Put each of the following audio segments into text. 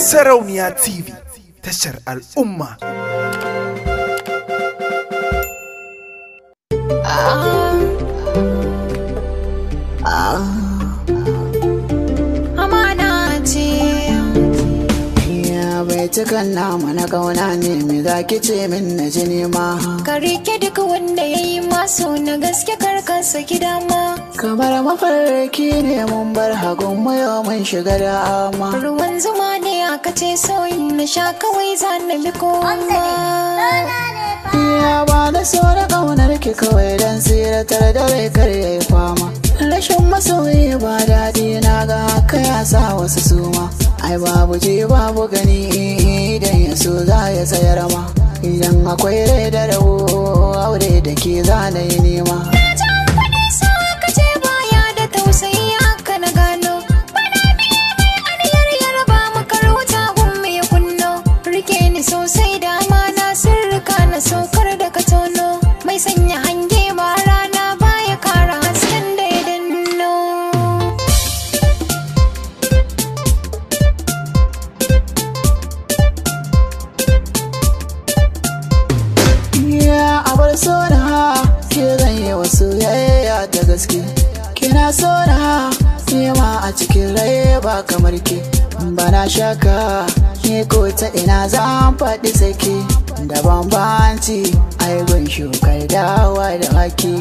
Sarauniya TV tashar al'umma. Ya bai cikin namu na kauna ne me za ki ce min na ji nema. Ka rike duk wanda ya yi maso na gaske karka saki dama. Kamar mafarki ne mun bar hagun mayo mun shiga da ama. Ruwan zuma Allah ka sauyin na sha kawai za na bi kowa Ya ba na so ƙaunar ki kawai don tsiratar da rai kar ya yi fama Rashin masoyi ba daɗi na ga haka ya sa wasu suma Ai babu ji babu gani idan ya so za ya tsayar ma Idan akwai rai da rawo aure da ke za na yi nema soyayya ta gaske kina sora nema a cikin rai ba kamar ke bana shaka ni ko ta ina zan faɗi sake da bambanci ai gun shukar dawa da haki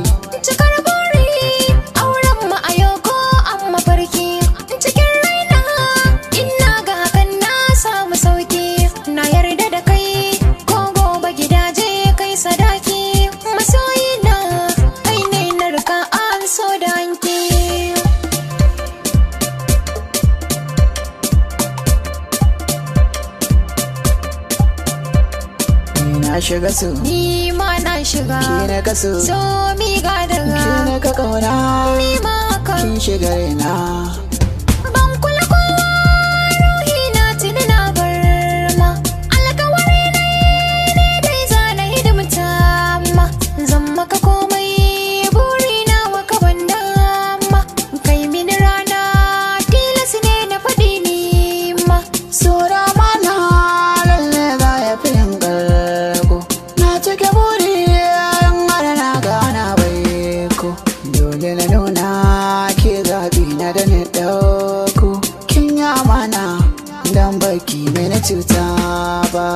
na shiga su ni ma na shiga ki na kaso, so mi ga daga ki na ka kauna ni ma ka kin shiga na dan baki mai na cuta ba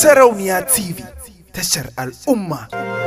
Sarauniya TV, tashar al'umma.